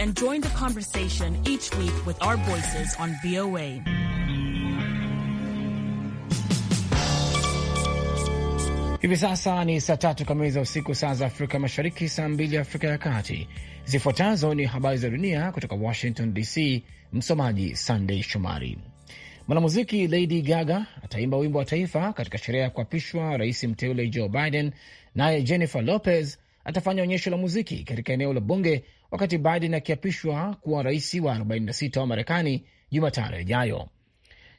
and join the conversation each week with our voices on VOA. Hivi sasa ni saa tatu kamili za usiku, saa za Afrika Mashariki, saa mbili Afrika ya Kati. Zifuatazo ni habari za dunia kutoka Washington DC. Msomaji Sandei Shomari. Mwanamuziki Lady Gaga ataimba wimbo wa taifa katika sherehe ya kuapishwa rais mteule Joe Biden, naye Jennifer Lopez atafanya onyesho la muziki katika eneo la bunge wakati Biden akiapishwa kuwa rais wa 46 wa Marekani Jumatano ijayo.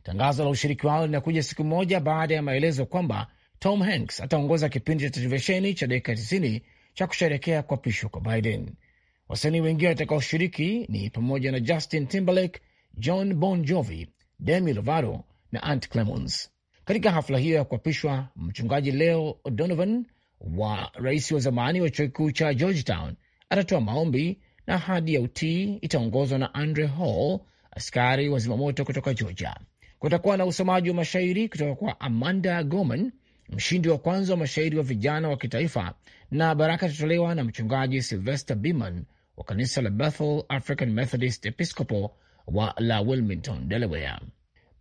Tangazo la ushiriki wao linakuja siku moja baada ya maelezo kwamba Tom Hanks ataongoza kipindi cha televisheni cha dakika 90 cha kusherekea kuapishwa kwa Biden. Wasanii wengine watakaoshiriki ni pamoja na Justin Timberlake, John Bon Jovi, Demi Lovato na Ant Clemons. Katika hafla hiyo ya kuapishwa, mchungaji Leo Donovan wa rais wa zamani wa chuo kikuu cha Georgetown atatoa maombi na ahadi ya utii itaongozwa na Andre Hall, askari wa zimamoto kutoka Georgia. Kutakuwa na usomaji wa mashairi kutoka kwa Amanda Gorman, mshindi wa kwanza wa mashairi wa vijana wa kitaifa, na baraka itatolewa na mchungaji Sylvester biman wa kanisa la Bethel African Methodist Episcopal wa la Wilmington, Delaware.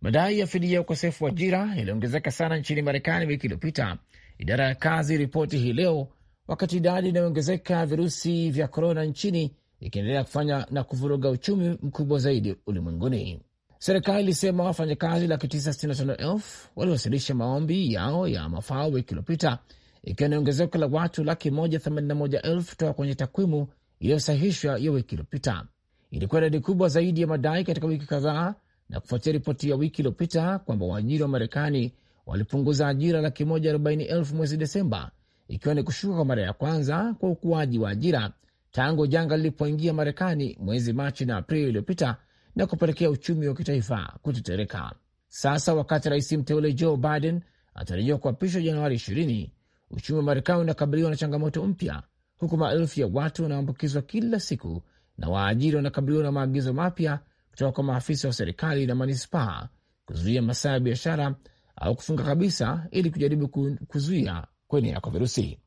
Madai ya fidia ya ukosefu wa ajira yaliongezeka sana nchini Marekani wiki iliyopita, idara ya kazi ripoti hii leo wakati idadi inayoongezeka virusi vya korona nchini ikiendelea kufanya na kuvuruga uchumi mkubwa zaidi ulimwenguni. Serikali ilisema wafanyakazi laki 965 waliwasilisha maombi yao ya mafao wiki iliopita, ikiwa ni ongezeko la watu laki 181 kutoka toka kwenye takwimu iliyosahihishwa ya wiki iliopita Ilikuwa idadi kubwa zaidi ya madai katika wiki kadhaa, na kufuatia ripoti ya wiki iliyopita kwamba waajiri wa Marekani walipunguza ajira laki 140 mwezi Desemba ikiwa ni kushuka kwa mara ya kwanza kwa ukuaji wa ajira tangu janga lilipoingia Marekani mwezi Machi na Aprili iliyopita na kupelekea uchumi wa kitaifa kutetereka. Sasa wakati rais mteule Joe Biden anatarajiwa kuapishwa Januari 20, uchumi wa Marekani unakabiliwa na changamoto mpya, huku maelfu ya watu wanaambukizwa kila siku na waajiri wanakabiliwa na maagizo mapya kutoka kwa maafisa wa serikali na manispaa kuzuia masaa ya biashara au kufunga kabisa ili kujaribu kuzuia kuenea kwa virusi.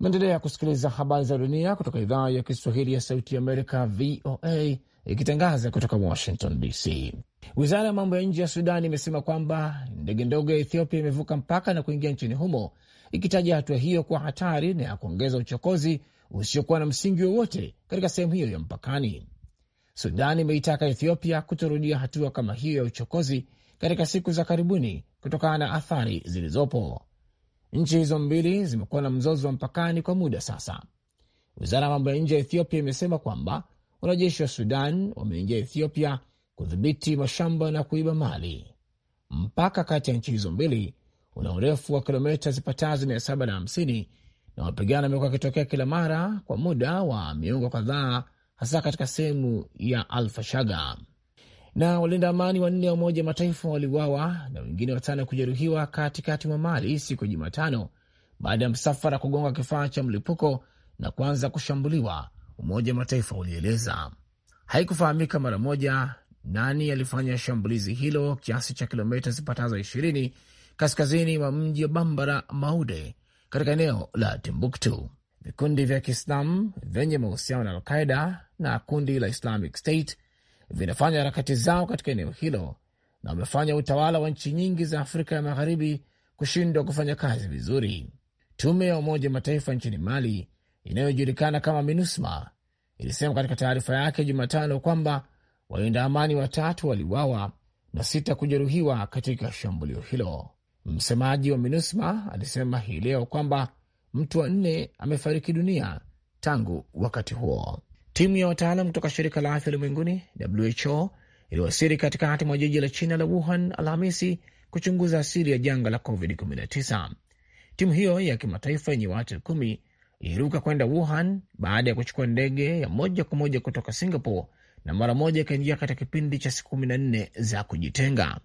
maendelea kusikiliza habari za dunia kutoka idhaa ya Kiswahili ya Sauti ya Amerika, VOA, ikitangaza kutoka Washington DC. Wizara ya mambo ya nje ya Sudan imesema kwamba ndege ndogo ya Ethiopia imevuka mpaka na kuingia nchini humo, ikitaja hatua hiyo kuwa hatari na ya kuongeza uchokozi usiokuwa na msingi wowote katika sehemu hiyo ya mpakani. Sudan imeitaka Ethiopia kutorudia hatua kama hiyo ya uchokozi katika siku za karibuni kutokana na athari zilizopo. Nchi hizo mbili zimekuwa na mzozo wa mpakani kwa muda sasa. Wizara ya mambo ya nje ya Ethiopia imesema kwamba wanajeshi wa Sudan wameingia Ethiopia kudhibiti mashamba na kuiba mali. Mpaka kati ya nchi hizo mbili una urefu wa kilomita zipatazo mia saba na hamsini na mapigano yamekuwa akitokea kila mara kwa muda wa miongo kadhaa, hasa katika sehemu ya Alfashaga. Na walinda amani wanne wa Umoja Mataifa waliuawa na wengine watano kujeruhiwa katikati mwa Mali siku ya Jumatano baada ya msafara kugonga kifaa cha mlipuko na kuanza kushambuliwa. Umoja Mataifa ulieleza haikufahamika mara moja nani alifanya shambulizi hilo kiasi cha kilomita zipatazo ishirini kaskazini mwa mji wa Bambara Maude katika eneo la Timbuktu. Vikundi vya Kiislamu vyenye mahusiano na Alqaida na kundi la Islamic State vinafanya harakati zao katika eneo hilo na wamefanya utawala wa nchi nyingi za Afrika ya Magharibi kushindwa kufanya kazi vizuri. Tume ya Umoja Mataifa nchini Mali inayojulikana kama MINUSMA ilisema katika taarifa yake Jumatano kwamba walinda amani watatu waliuawa na sita kujeruhiwa katika shambulio hilo. Msemaji wa MINUSMA alisema hii leo kwamba mtu wa nne amefariki dunia tangu wakati huo. Timu ya wataalam kutoka shirika la afya ulimwenguni WHO iliwasiri katikati mwa jiji la China la Wuhan Alhamisi kuchunguza asili ya janga la COVID-19. Timu hiyo ya kimataifa yenye watu kumi iliruka kwenda Wuhan baada ya kuchukua ndege ya moja kwa moja kutoka Singapore na mara moja ikaingia katika kipindi cha siku kumi na nne za kujitenga.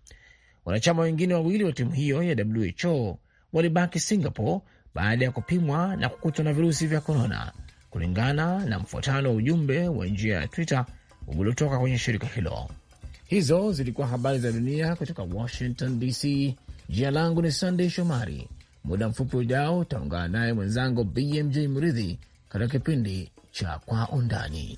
Wanachama wengine wawili wa timu hiyo ya WHO walibaki Singapore baada ya kupimwa na kukutwa na virusi vya korona kulingana na mfuatano wa ujumbe wa njia ya Twitter uliotoka kwenye shirika hilo. Hizo zilikuwa habari za dunia kutoka Washington DC. Jina langu ni Sandey Shomari. Muda mfupi ujao utaungana naye mwenzangu BMJ mridhi katika kipindi cha Kwa Undani.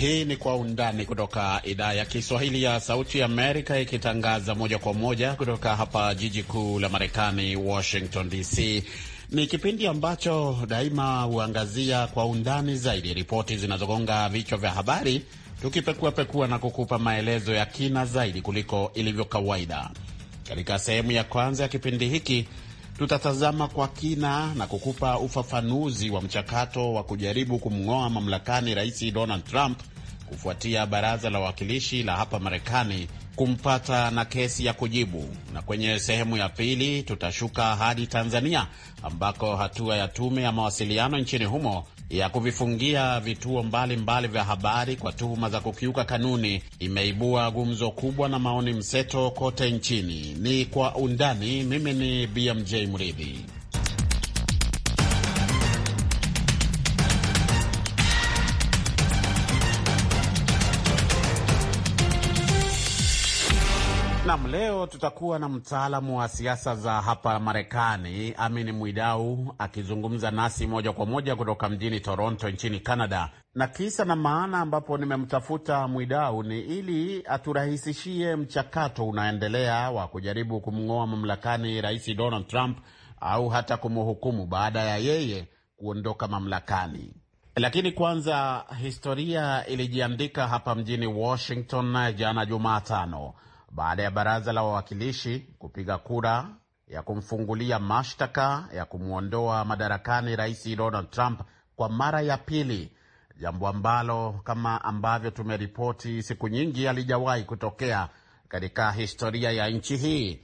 Hii ni Kwa Undani kutoka idhaa ya Kiswahili ya Sauti ya Amerika, ikitangaza moja kwa moja kutoka hapa jiji kuu la Marekani, Washington DC. Ni kipindi ambacho daima huangazia kwa undani zaidi ripoti zinazogonga vichwa vya habari, tukipekuapekua na kukupa maelezo ya kina zaidi kuliko ilivyo kawaida. Katika sehemu ya kwanza ya kipindi hiki Tutatazama kwa kina na kukupa ufafanuzi wa mchakato wa kujaribu kumng'oa mamlakani Rais Donald Trump kufuatia baraza la wawakilishi la hapa Marekani kumpata na kesi ya kujibu, na kwenye sehemu ya pili tutashuka hadi Tanzania ambako hatua ya tume ya mawasiliano nchini humo ya kuvifungia vituo mbalimbali mbali vya habari kwa tuhuma za kukiuka kanuni imeibua gumzo kubwa na maoni mseto kote nchini. Ni kwa undani. Mimi ni BMJ Mridhi. leo tutakuwa na mtaalamu wa siasa za hapa Marekani, Amin Mwidau akizungumza nasi moja kwa moja kutoka mjini Toronto nchini Canada. Na kisa na maana ambapo nimemtafuta Mwidau ni ili aturahisishie mchakato unaendelea wa kujaribu kumng'oa mamlakani Rais Donald Trump au hata kumhukumu baada ya yeye kuondoka mamlakani. Lakini kwanza, historia ilijiandika hapa mjini Washington jana Jumatano baada ya baraza la wawakilishi kupiga kura ya kumfungulia mashtaka ya kumwondoa madarakani Rais Donald Trump kwa mara ya pili, jambo ambalo kama ambavyo tumeripoti siku nyingi halijawahi kutokea katika historia ya nchi hii.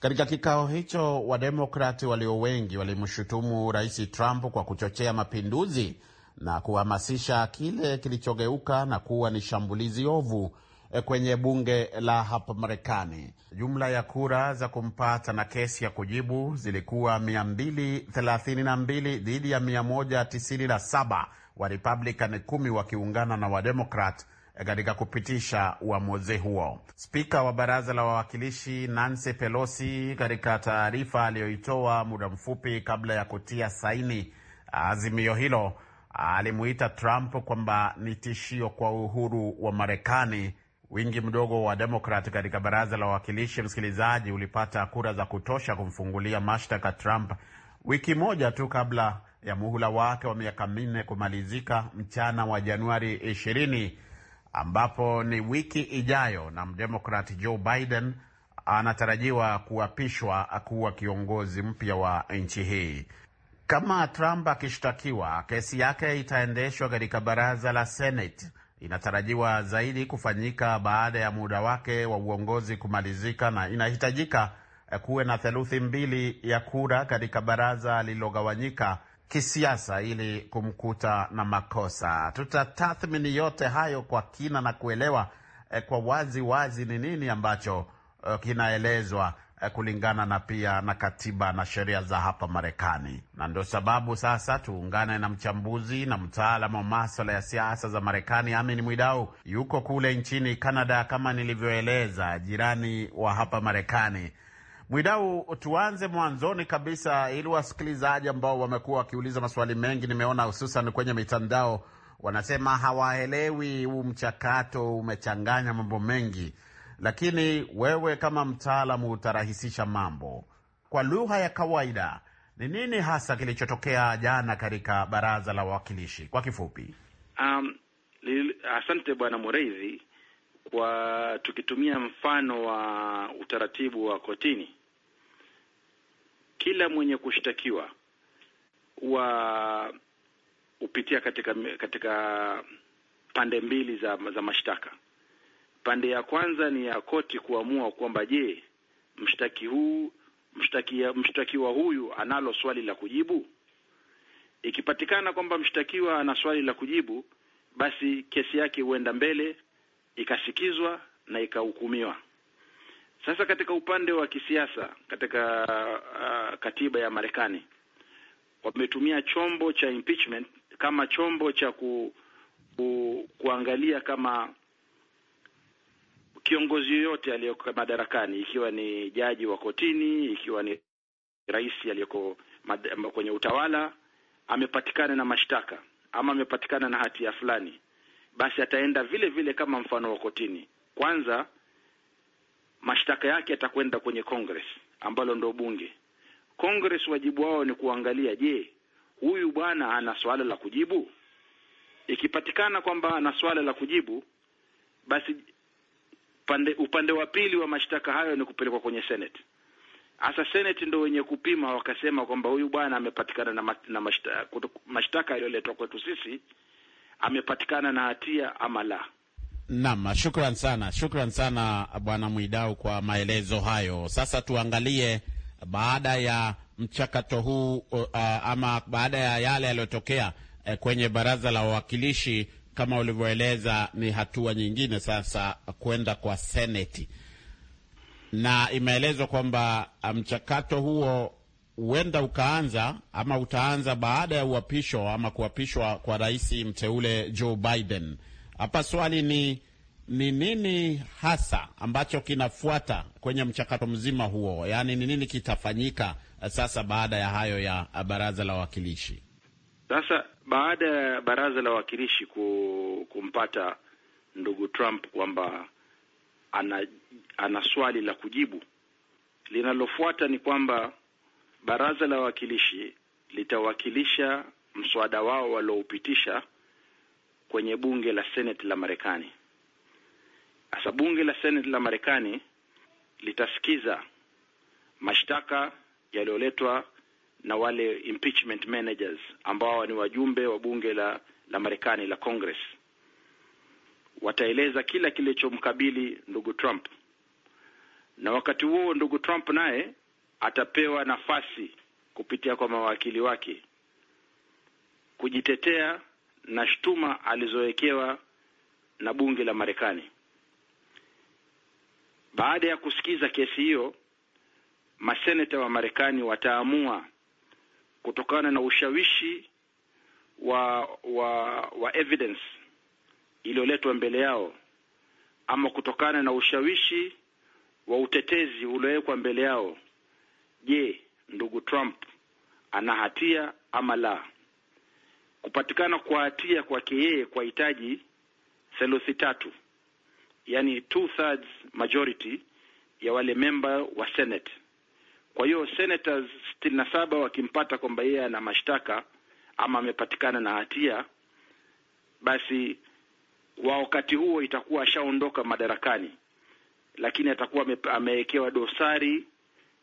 Katika kikao hicho, Wademokrati walio wengi walimshutumu Rais Trump kwa kuchochea mapinduzi na kuhamasisha kile kilichogeuka na kuwa ni shambulizi ovu Eh, kwenye bunge la hapa Marekani. Jumla ya kura za kumpata na kesi ya kujibu zilikuwa 232 dhidi ya 197, wa Republican kumi wakiungana na Wademokrat eh, katika kupitisha uamuzi huo. Spika wa baraza la wawakilishi Nancy Pelosi, katika taarifa aliyoitoa muda mfupi kabla ya kutia saini azimio hilo, alimuita Trump kwamba ni tishio kwa uhuru wa Marekani Wingi mdogo wa Demokrat katika baraza la wawakilishi, msikilizaji, ulipata kura za kutosha kumfungulia mashtaka Trump wiki moja tu kabla ya muhula wake wa miaka minne kumalizika mchana wa Januari 20 ambapo ni wiki ijayo, na mdemokrat Joe Biden anatarajiwa kuapishwa kuwa kiongozi mpya wa nchi hii. Kama Trump akishtakiwa, kesi yake itaendeshwa katika baraza la Senate inatarajiwa zaidi kufanyika baada ya muda wake wa uongozi kumalizika na inahitajika eh, kuwe na theluthi mbili ya kura katika baraza lililogawanyika kisiasa ili kumkuta na makosa. Tutatathmini yote hayo kwa kina na kuelewa eh, kwa wazi wazi ni nini ambacho eh, kinaelezwa Eh, kulingana na pia na katiba na sheria za hapa Marekani. Na ndio sababu sasa tuungane na mchambuzi na mtaalamu wa maswala ya siasa za Marekani, Amin Mwidau yuko kule nchini Canada, kama nilivyoeleza, jirani wa hapa Marekani. Mwidau, tuanze mwanzoni kabisa, ili wasikilizaji ambao wamekuwa wakiuliza maswali mengi, nimeona hususan kwenye mitandao wanasema hawaelewi huu mchakato, umechanganya mambo mengi lakini wewe kama mtaalamu utarahisisha mambo. Kwa lugha ya kawaida, ni nini hasa kilichotokea jana katika baraza la wawakilishi kwa kifupi? Um, li, asante bwana mureidhi Kwa tukitumia mfano wa utaratibu wa kotini, kila mwenye kushtakiwa huwa hupitia katika katika pande mbili za, za mashtaka Pande ya kwanza ni ya koti kuamua kwamba je, mshtaki huu mshtakiwa mshtaki huyu analo swali la kujibu. Ikipatikana kwamba mshtakiwa ana swali la kujibu, basi kesi yake huenda mbele ikasikizwa na ikahukumiwa. Sasa katika upande wa kisiasa, katika uh, katiba ya Marekani wametumia chombo cha impeachment kama chombo cha ku, ku, kuangalia kama kiongozi yoyote aliyoko madarakani, ikiwa ni jaji wa kotini, ikiwa ni rais aliyoko kwenye utawala, amepatikana na mashtaka ama amepatikana na hatia fulani, basi ataenda vile vile kama mfano wa kotini. Kwanza mashtaka yake yatakwenda kwenye Congress ambalo ndo bunge. Congress wajibu wao ni kuangalia, je, huyu bwana ana swala la kujibu? Ikipatikana kwamba ana swala la kujibu, basi Upande, upande wa pili wa mashtaka hayo ni kupelekwa kwenye Senate. Hasa Senate ndo wenye kupima, wakasema kwamba huyu bwana amepatikana na, na mashtaka mashtaka yaliyoletwa kwetu sisi amepatikana na hatia ama la. Naam, shukran sana, shukran sana Bwana Mwidau kwa maelezo hayo. Sasa tuangalie baada ya mchakato huu uh, ama baada ya yale yaliyotokea uh, kwenye baraza la wawakilishi kama ulivyoeleza, ni hatua nyingine sasa kwenda kwa Seneti, na imeelezwa kwamba ah, mchakato huo huenda ukaanza ama utaanza baada ya uapisho ama kuapishwa kwa rais mteule Joe Biden. Hapa swali ni ni nini hasa ambacho kinafuata kwenye mchakato mzima huo, yaani ni nini kitafanyika sasa baada ya hayo ya baraza la wawakilishi? Sasa baada ya baraza la wawakilishi kumpata ndugu Trump kwamba ana, ana swali la kujibu, linalofuata ni kwamba baraza la wawakilishi litawakilisha mswada wao walioupitisha kwenye bunge la Senate la Marekani. Sasa bunge la Senate la Marekani litasikiza mashtaka yaliyoletwa na wale impeachment managers ambao ni wajumbe wa bunge la la Marekani la Congress. Wataeleza kila kilichomkabili ndugu Trump, na wakati huo ndugu Trump naye atapewa nafasi kupitia kwa mawakili wake kujitetea na shtuma alizowekewa na bunge la Marekani. Baada ya kusikiza kesi hiyo, maseneta wa Marekani wataamua kutokana na ushawishi wa wa wa evidence iliyoletwa mbele yao ama kutokana na ushawishi wa utetezi uliowekwa mbele yao. Je, ndugu Trump ana hatia ama la? Kupatikana kwa hatia kwake yeye kwa hitaji theluthi tatu, yani two thirds majority ya wale memba wa Senate. Kwa hiyo senators sitini na saba wakimpata kwamba yeye ana mashtaka ama amepatikana na hatia, basi wa wakati huo itakuwa ashaondoka madarakani, lakini atakuwa amewekewa dosari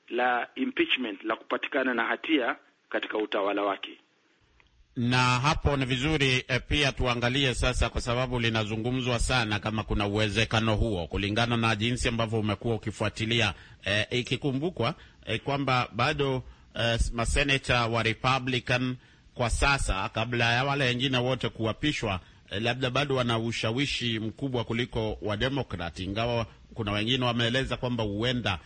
la impeachment la kupatikana na hatia katika utawala wake. Na hapo ni vizuri e, pia tuangalie sasa, kwa sababu linazungumzwa sana kama kuna uwezekano huo, kulingana na jinsi ambavyo umekuwa ukifuatilia e, ikikumbukwa eh, kwamba bado eh, maseneta wa Republican kwa sasa, kabla ya wale wengine wote kuapishwa, eh, labda bado wana ushawishi mkubwa kuliko wa Democrat, ingawa kuna wengine wameeleza kwamba huenda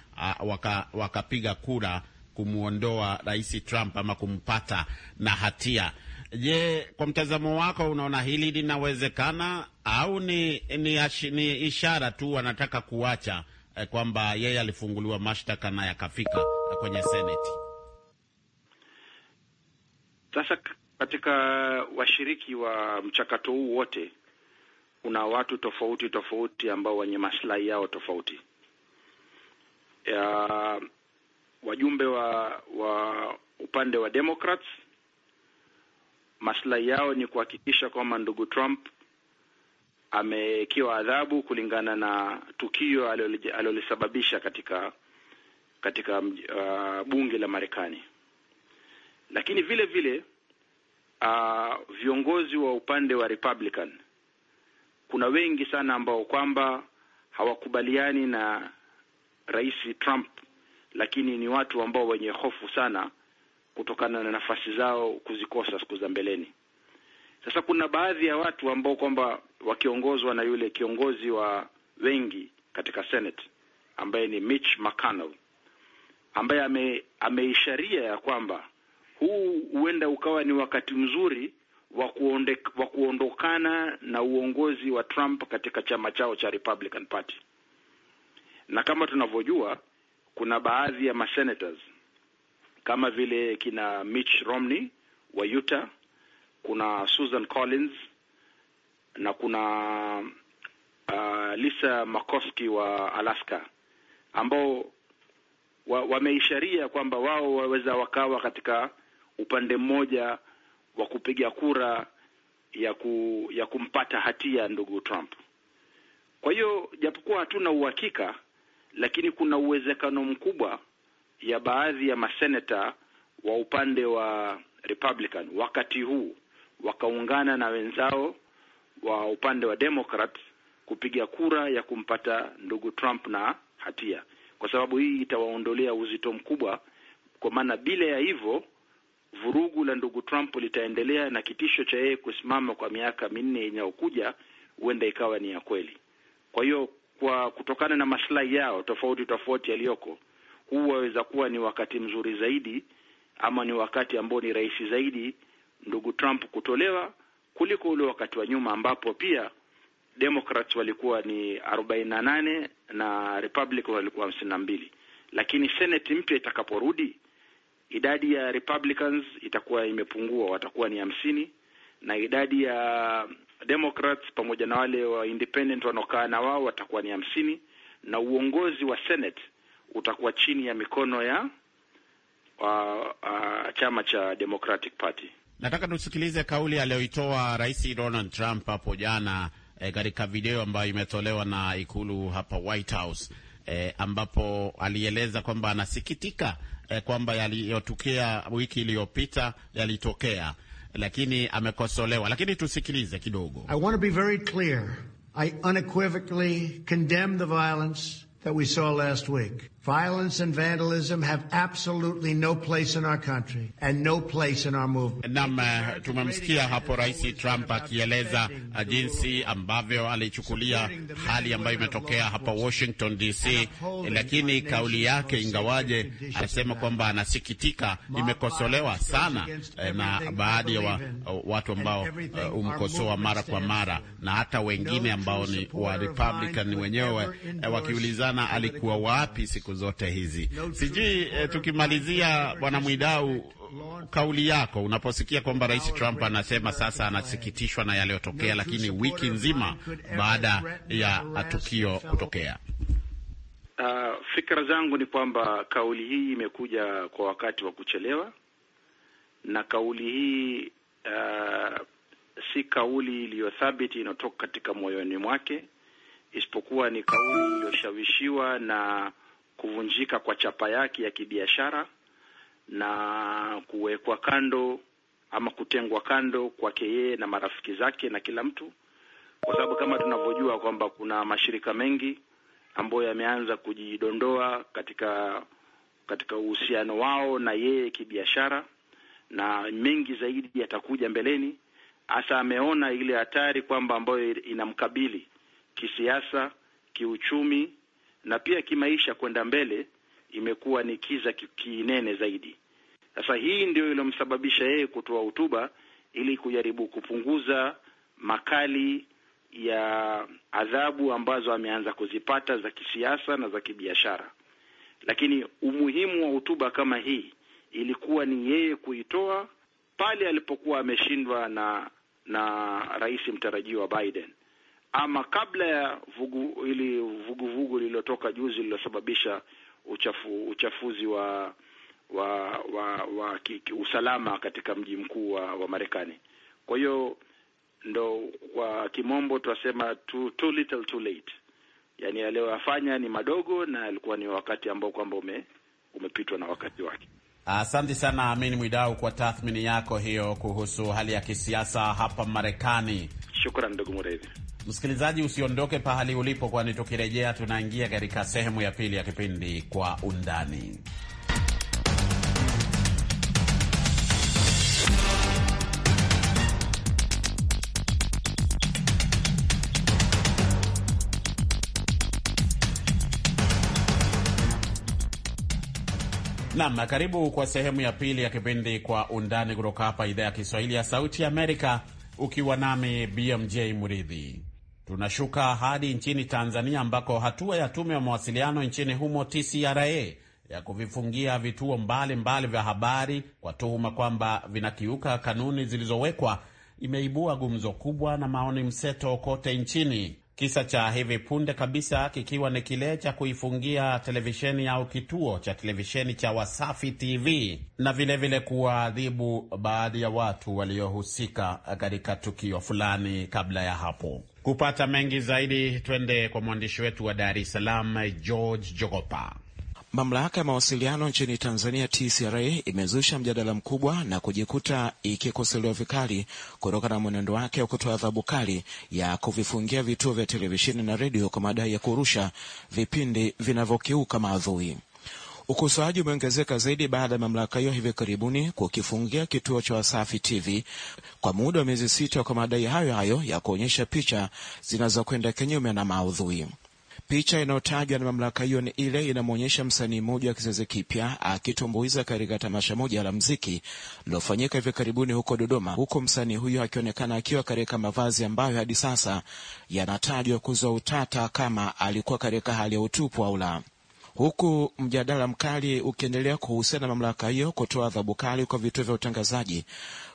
wakapiga waka kura kumwondoa Rais Trump ama kumpata na hatia. Je, kwa mtazamo wako unaona hili linawezekana au ni, ni, ni ishara tu wanataka kuacha Eh, kwamba yeye alifunguliwa mashtaka na yakafika kwenye seneti. Sasa katika washiriki wa mchakato huu wote kuna watu tofauti tofauti ambao wenye maslahi yao tofauti ya wajumbe wa wa upande wa Democrats maslahi yao ni kuhakikisha kwamba ndugu Trump amekiwa adhabu kulingana na tukio alilolisababisha katika katika uh, bunge la Marekani. Lakini vile vile uh, viongozi wa upande wa Republican kuna wengi sana ambao kwamba hawakubaliani na Rais Trump, lakini ni watu ambao wenye hofu sana kutokana na nafasi zao kuzikosa siku za mbeleni. Sasa kuna baadhi ya watu ambao kwamba wakiongozwa na yule kiongozi wa wengi katika Senate ambaye ni Mitch McConnell ambaye ame, ameisharia ya kwamba huu huenda ukawa ni wakati mzuri wa kuondokana na uongozi wa Trump katika chama chao cha Republican Party. Na kama tunavyojua, kuna baadhi ya masenators kama vile kina Mitch Romney wa Utah, kuna Susan Collins na kuna uh, Lisa Makoski wa Alaska ambao wameisharia wa kwamba wao waweza wakawa katika upande mmoja wa kupiga kura ya ku, ya kumpata hatia ndugu Trump. Kwa hiyo japokuwa hatuna uhakika, lakini kuna uwezekano mkubwa ya baadhi ya maseneta wa upande wa Republican wakati huu wakaungana na wenzao wa upande wa Democrat kupiga kura ya kumpata ndugu Trump na hatia, kwa sababu hii itawaondolea uzito mkubwa, kwa maana bila ya hivyo vurugu la ndugu Trump litaendelea na kitisho cha yeye kusimama kwa miaka minne inayokuja huenda ikawa ni ya kweli. Kwa hiyo kwa kutokana na maslahi yao tofauti tofauti yaliyoko, huu waweza kuwa ni wakati mzuri zaidi ama ni wakati ambao ni rahisi zaidi ndugu Trump kutolewa kuliko ule wakati wa nyuma ambapo pia Democrats walikuwa ni arobaini na nane na Republican walikuwa hamsini na mbili lakini Senate mpya itakaporudi idadi ya Republicans itakuwa imepungua, watakuwa ni hamsini na idadi ya Democrats pamoja na wale wa independent wanaokaa na wao watakuwa ni hamsini na uongozi wa Senate utakuwa chini ya mikono ya wa, uh, wa, uh, chama cha Democratic Party. Nataka tusikilize kauli aliyoitoa Rais Donald Trump hapo jana eh, katika e, video ambayo imetolewa na ikulu hapa White House e, ambapo alieleza kwamba anasikitika e, kwamba yaliyotokea wiki iliyopita yalitokea, lakini amekosolewa. Lakini tusikilize kidogo. I want to be very clear. I unequivocally condemn the violence that we saw last week. Violence and vandalism have absolutely no place in our country and no place in our movement. Naam, eh, tumemsikia hapo Rais Trump akieleza eh, jinsi ambavyo alichukulia hali ambayo imetokea hapa Washington DC, lakini kauli yake ingawaje anasema kwamba anasikitika, imekosolewa sana eh, na baadhi ya wa, watu ambao humkosoa mara kwa mara na hata wengine ambao ni wa Republican wenyewe wakiulizana alikuwa wapi siku zote hizi. Sijui eh, tukimalizia, Bwana Mwidau, kauli yako unaposikia kwamba Rais Trump anasema sasa anasikitishwa na yaliyotokea, lakini wiki nzima baada ya tukio kutokea. Uh, fikra zangu ni kwamba kauli hii imekuja kwa wakati wa kuchelewa, na kauli hii uh, si kauli iliyothabiti inayotoka katika moyoni mwake, isipokuwa ni kauli iliyoshawishiwa na kuvunjika kwa chapa yake ya kibiashara na kuwekwa kando ama kutengwa kando kwake yeye na marafiki zake na kila mtu, kwa sababu kama tunavyojua kwamba kuna mashirika mengi ambayo yameanza kujidondoa katika katika uhusiano wao na yeye kibiashara, na mengi zaidi yatakuja mbeleni. Hasa ameona ile hatari kwamba ambayo inamkabili kisiasa, kiuchumi na pia kimaisha kwenda mbele imekuwa ni kiza kinene zaidi. Sasa hii ndio iliyomsababisha yeye kutoa hotuba ili kujaribu kupunguza makali ya adhabu ambazo ameanza kuzipata za kisiasa na za kibiashara. Lakini umuhimu wa hotuba kama hii ilikuwa ni yeye kuitoa pale alipokuwa ameshindwa na na rais mtarajiwa Biden ama kabla ya vugu ili vuguvugu lililotoka juzi lililosababisha uchafu, uchafuzi wa wa wa, wa ki, usalama katika mji mkuu wa, wa Marekani. Kwa hiyo ndo kwa kimombo tunasema too, too little too late, yani yaliyoyafanya ni madogo na alikuwa ni wakati ambao kwamba ume, umepitwa na wakati wake. Asante uh, sana Amin Mwidau kwa tathmini yako hiyo kuhusu hali ya kisiasa hapa Marekani. Shukran ndugu mrezi Msikilizaji, usiondoke pahali ulipo, kwani tukirejea tunaingia katika sehemu ya pili ya kipindi Kwa Undani. Naam, karibu kwa sehemu ya pili ya kipindi Kwa Undani kutoka hapa idhaa ya Kiswahili ya Sauti Amerika, ukiwa nami BMJ Muridhi. Tunashuka hadi nchini Tanzania, ambako hatua ya tume ya mawasiliano nchini humo TCRA ya kuvifungia vituo mbalimbali mbali vya habari kwa tuhuma kwamba vinakiuka kanuni zilizowekwa imeibua gumzo kubwa na maoni mseto kote nchini kisa cha hivi punde kabisa kikiwa ni kile cha kuifungia televisheni au kituo cha televisheni cha Wasafi TV na vilevile kuwaadhibu baadhi ya watu waliohusika katika tukio fulani kabla ya hapo. Kupata mengi zaidi, twende kwa mwandishi wetu wa Dar es Salaam, George Jogopa. Mamlaka ya mawasiliano nchini Tanzania, TCRA, imezusha mjadala mkubwa na kujikuta ikikosolewa vikali kutokana na mwenendo wake wa kutoa adhabu kali ya kuvifungia vituo vya televisheni na redio kwa madai ya kurusha vipindi vinavyokiuka maadhui. Ukosoaji umeongezeka zaidi baada ya mamlaka hiyo hivi karibuni kukifungia kituo cha Wasafi TV kwa muda wa miezi sita kwa madai hayo hayo ya kuonyesha picha zinazokwenda kinyume na maudhui. Picha inayotajwa na mamlaka hiyo ni ile inamwonyesha msanii mmoja wa kizazi kipya akitumbuiza katika tamasha moja la mziki lilofanyika hivi karibuni huko Dodoma, huku msanii huyo akionekana akiwa katika mavazi ambayo hadi sasa yanatajwa kuzua utata kama alikuwa katika hali ya utupu au la huku mjadala mkali ukiendelea kuhusiana na mamlaka hiyo kutoa adhabu kali kwa vituo vya utangazaji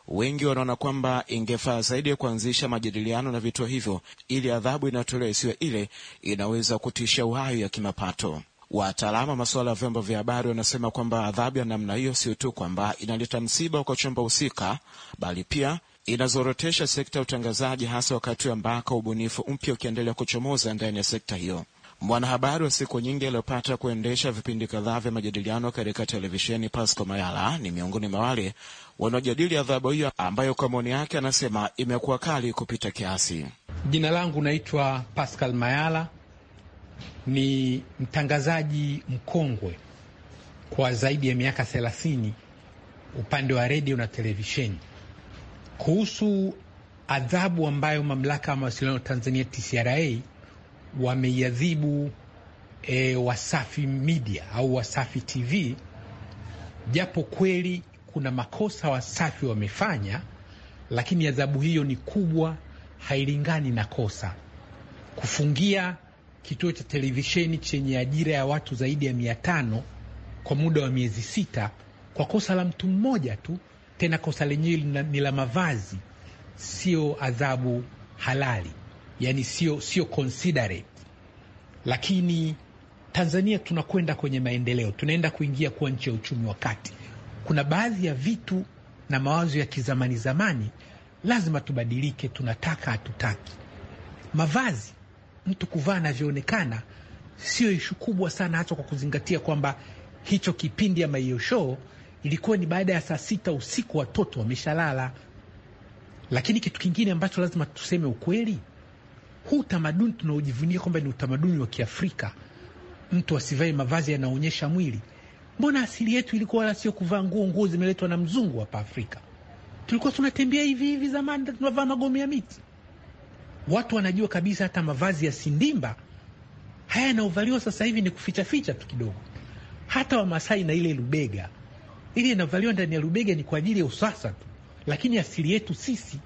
wengi wanaona kwamba ingefaa zaidi ya kuanzisha majadiliano na vituo hivyo ili adhabu inayotolewa isiwe ile inaweza kutisha uhai ya kimapato. Wataalamu wa masuala ya vyombo vya habari wanasema kwamba adhabu ya namna hiyo sio tu kwamba inaleta msiba kwa chombo husika, bali pia inazorotesha sekta ya utangazaji, hasa wakati ambako ubunifu mpya ukiendelea kuchomoza ndani ya sekta hiyo. Mwanahabari wa siku nyingi aliyopata kuendesha vipindi kadhaa vya majadiliano katika televisheni, Pascal Mayala ni miongoni mwa wale wanaojadili adhabu hiyo ambayo kwa maoni yake anasema imekuwa kali kupita kiasi. Jina langu naitwa Pascal Mayala, ni mtangazaji mkongwe kwa zaidi ya miaka thelathini upande wa redio na televisheni. Kuhusu adhabu ambayo mamlaka ya mawasiliano Tanzania TCRA wameiadhibu e, Wasafi Media au Wasafi TV, japo kweli kuna makosa Wasafi wamefanya, lakini adhabu hiyo ni kubwa, hailingani na kosa. Kufungia kituo cha televisheni chenye ajira ya watu zaidi ya mia tano kwa muda wa miezi sita kwa kosa la mtu mmoja tu, tena kosa lenyewe ni la mavazi, sio adhabu halali yani sio sio considerate. Lakini Tanzania tunakwenda kwenye maendeleo, tunaenda kuingia kuwa nchi ya uchumi wa kati. Kuna baadhi ya vitu na mawazo ya kizamani zamani lazima tubadilike, tunataka hatutaki. Mavazi, mtu kuvaa anavyoonekana sio ishu kubwa sana, hata kwa kuzingatia kwamba hicho kipindi ama hiyo show ilikuwa ni baada ya saa sita usiku, watoto wameshalala. Lakini kitu kingine ambacho lazima tuseme ukweli huu utamaduni tunaojivunia kwamba ni utamaduni wa Kiafrika, mtu asivae mavazi yanaonyesha mwili. Mbona asili yetu ilikuwa wala sio kuvaa nguo, nguo zimeletwa na mzungu hapa Afrika. Tulikuwa tunatembea hivi hivi zamani, tunavaa magome ya miti. Watu wanajua kabisa hata mavazi ya sindimba haya yanaovaliwa sasa hivi ni kufichaficha tu kidogo. Hata Wamasai na ile lubega ili inavaliwa ndani ya lubega ni kwa ajili ya usasa tu, lakini asili yetu sisi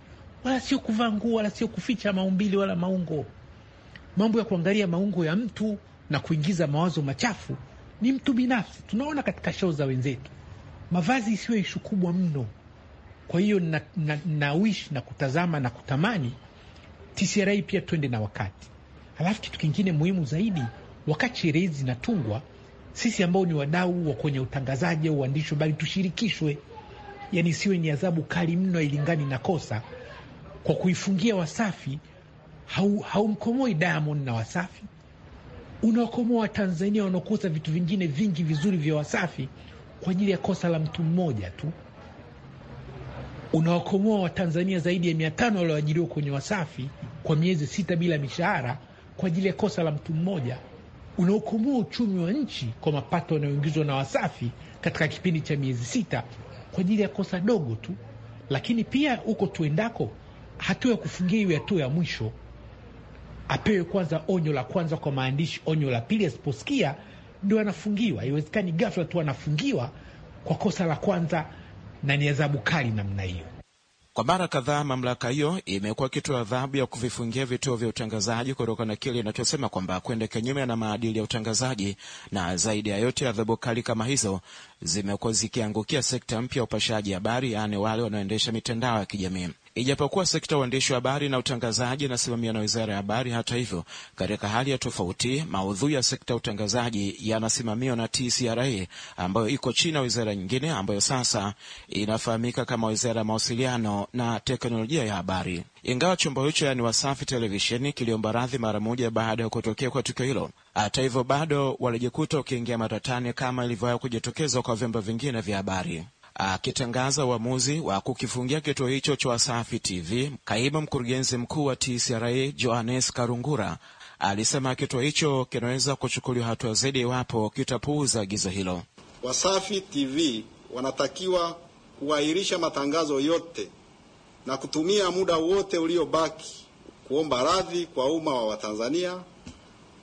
wala sio kuvaa nguo wala sio kuficha maumbili wala maungo. Mambo ya kuangalia maungo ya mtu na kuingiza mawazo machafu ni mtu binafsi. Tunaona katika show za wenzetu, mavazi isiwe ishu kubwa mno. Kwa hiyo na, na, na wish na kutazama na kutamani TCRA pia twende na wakati. Alafu kitu kingine muhimu zaidi, wakati sherehe hizi zinatungwa, sisi ambao ni wadau wa kwenye utangazaji au uandishi, bali tushirikishwe, yani siwe ni adhabu kali mno ilingani na kosa kwa kuifungia Wasafi haumkomoi hau Diamond na Wasafi, unawakomoa Watanzania wanaokosa vitu vingine vingi vizuri vya Wasafi kwa ajili ya kosa la mtu mmoja tu. Unawakomoa Watanzania zaidi ya mia tano walioajiriwa kwenye Wasafi kwa miezi sita bila mishahara kwa ajili ya kosa la mtu mmoja. Unaokomoa uchumi wa nchi kwa mapato yanayoingizwa na Wasafi katika kipindi cha miezi sita kwa ajili ya kosa dogo tu. Lakini pia huko tuendako hatua ya kufungia iwe hatua ya mwisho, apewe kwanza onyo la kwanza kwa maandishi, onyo la pili, asiposikia ndio anafungiwa. Haiwezekani ghafla tu anafungiwa kwa kosa la kwanza, na ni adhabu kali namna hiyo. Kwa mara kadhaa mamlaka hiyo imekuwa ikitoa adhabu ya kuvifungia vituo vya utangazaji kutokana na kile inachosema kwamba kwenda kinyume na maadili ya utangazaji. Na zaidi ya yote, adhabu kali kama hizo zimekuwa zikiangukia sekta mpya ya upashaji habari, yaani wale wanaoendesha mitandao ya kijamii. Ijapokuwa sekta ya uandishi wa habari na utangazaji inasimamiwa na wizara ya habari, hata hivyo, katika hali ya tofauti, maudhui ya sekta ya utangazaji yanasimamiwa na TCRA ambayo iko chini ya wizara nyingine ambayo sasa inafahamika kama wizara ya mawasiliano na teknolojia ya habari. Ingawa chombo hicho yaani Wasafi Televisheni kiliomba radhi mara moja baada ya kutokea kwa tukio hilo, hata hivyo, bado walijikuta ukiingia matatani kama ilivyowahi kujitokeza kwa vyombo vingine vya habari. Akitangaza uamuzi wa kukifungia kituo hicho cha Wasafi TV, kaimu mkurugenzi mkuu wa TCRA Johannes Karungura alisema kituo hicho kinaweza kuchukuliwa hatua zaidi iwapo kitapuuza agizo hilo. Wasafi TV wanatakiwa kuahirisha matangazo yote na kutumia muda wote uliobaki kuomba radhi kwa umma wa Watanzania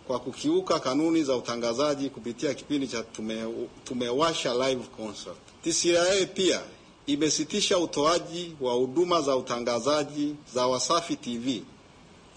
kwa kukiuka kanuni za utangazaji kupitia kipindi cha tume, Tumewasha Live Concert. TCRA pia imesitisha utoaji wa huduma za utangazaji za Wasafi TV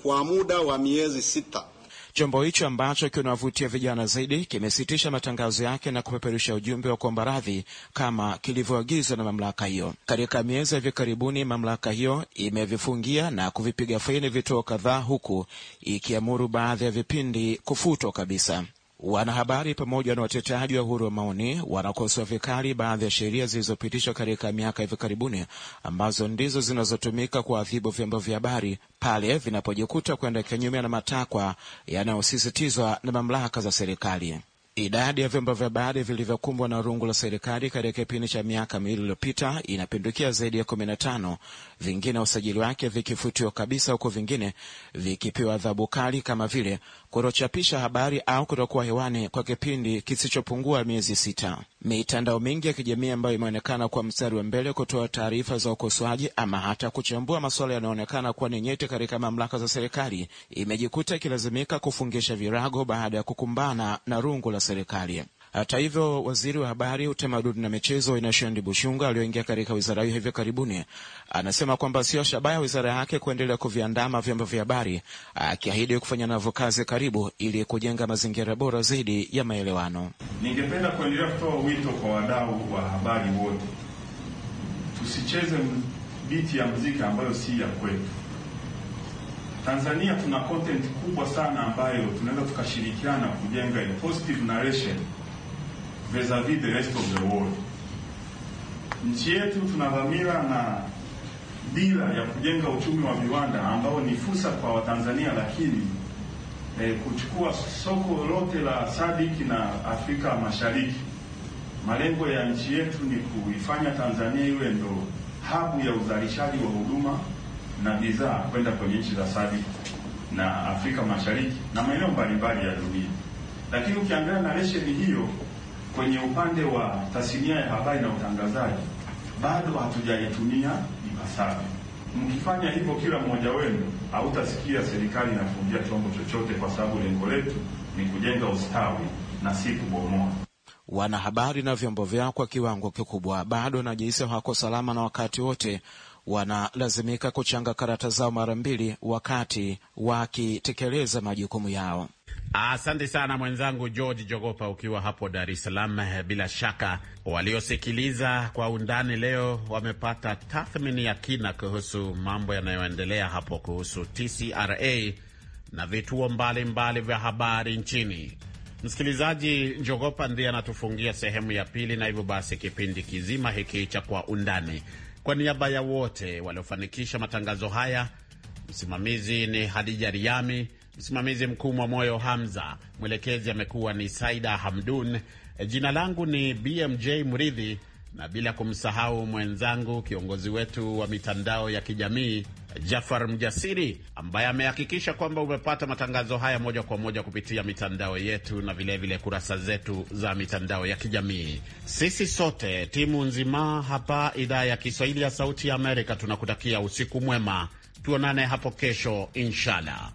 kwa muda wa miezi sita. Chombo hicho ambacho kinawavutia vijana zaidi kimesitisha matangazo yake na kupeperusha ujumbe wa kuomba radhi kama kilivyoagizwa na mamlaka hiyo. Katika miezi ya hivi karibuni, mamlaka hiyo imevifungia na kuvipiga faini vituo kadhaa, huku ikiamuru baadhi ya vipindi kufutwa kabisa. Wanahabari pamoja na wateteaji wa uhuru wa maoni wanakosoa vikali baadhi ya sheria zilizopitishwa katika miaka hivi karibuni ambazo ndizo zinazotumika kuadhibu vyombo vya habari pale vinapojikuta kwenda kinyume na matakwa yanayosisitizwa na mamlaka za serikali. Idadi ya vyombo vya habari vilivyokumbwa na rungu la serikali katika kipindi cha miaka miwili iliyopita inapindukia zaidi ya kumi na tano, vingine usajili wake vikifutiwa kabisa, huku vingine vikipewa adhabu kali kama vile kutochapisha habari au kutokuwa hewani kwa kipindi kisichopungua miezi sita. Mitandao mingi ya kijamii ambayo imeonekana kuwa mstari wa mbele kutoa taarifa za ukosoaji ama hata kuchambua masuala yanayoonekana kuwa ni nyeti katika mamlaka za serikali imejikuta ikilazimika kufungisha virago baada ya kukumbana na rungu la serikali. Hata hivyo, waziri wa habari, utamaduni na michezo Inashandi Bushunga aliyoingia katika wizara hiyo hivi karibuni anasema kwamba sio shabaha ya wizara yake kuendelea kuviandama vyombo vya habari, akiahidi kufanya navyo kazi karibu ili kujenga mazingira bora zaidi ya maelewano. Ningependa kuendelea kutoa wito kwa wadau wa habari wote, tusicheze biti ya mziki ambayo si ya kwetu. Tanzania tuna content kubwa sana ambayo tunaweza tukashirikiana kujenga positive narration vis à vis the reste of the Nchi yetu tuna dhamira na dira ya kujenga uchumi wa viwanda ambao ni fursa kwa Watanzania, lakini eh, kuchukua soko lote la sadiki na Afrika Mashariki. Malengo ya nchi yetu ni kuifanya Tanzania iwe ndo habu ya uzalishaji wa huduma na bidhaa kwenda kwenye nchi za sadiki na Afrika Mashariki na maeneo mbalimbali ya dunia, lakini ukiangalia na resheni hiyo kwenye upande wa tasnia ya habari na utangazaji bado hatujaitumia ipasavyo. Mkifanya hivyo, kila mmoja wenu hautasikia serikali inafungia chombo chochote, kwa sababu lengo letu ni kujenga ustawi na si kubomoa wanahabari na vyombo vyao kwa kiwango kikubwa bado wanajihisi hawako salama, na wakati wote wanalazimika kuchanga karata zao mara mbili wakati wakitekeleza majukumu yao. Asante sana mwenzangu George Jogopa, ukiwa hapo Dar es Salaam. Bila shaka waliosikiliza kwa undani leo wamepata tathmini ya kina kuhusu mambo yanayoendelea hapo kuhusu TCRA na vituo mbalimbali vya habari nchini. Msikilizaji, Jogopa ndiye anatufungia sehemu ya pili, na hivyo basi kipindi kizima hiki cha Kwa Undani, kwa niaba ya wote waliofanikisha matangazo haya, msimamizi ni Hadija Riami, Msimamizi mkuu moyo Hamza, mwelekezi amekuwa ni Saida Hamdun. Jina langu ni BMJ Mridhi, na bila kumsahau mwenzangu kiongozi wetu wa mitandao ya kijamii Jafar Mjasiri ambaye amehakikisha kwamba umepata matangazo haya moja kwa moja kupitia mitandao yetu na vilevile vile kurasa zetu za mitandao ya kijamii. Sisi sote timu nzima hapa idhaa ya Kiswahili ya Sauti ya Amerika tunakutakia usiku mwema, tuonane hapo kesho inshallah.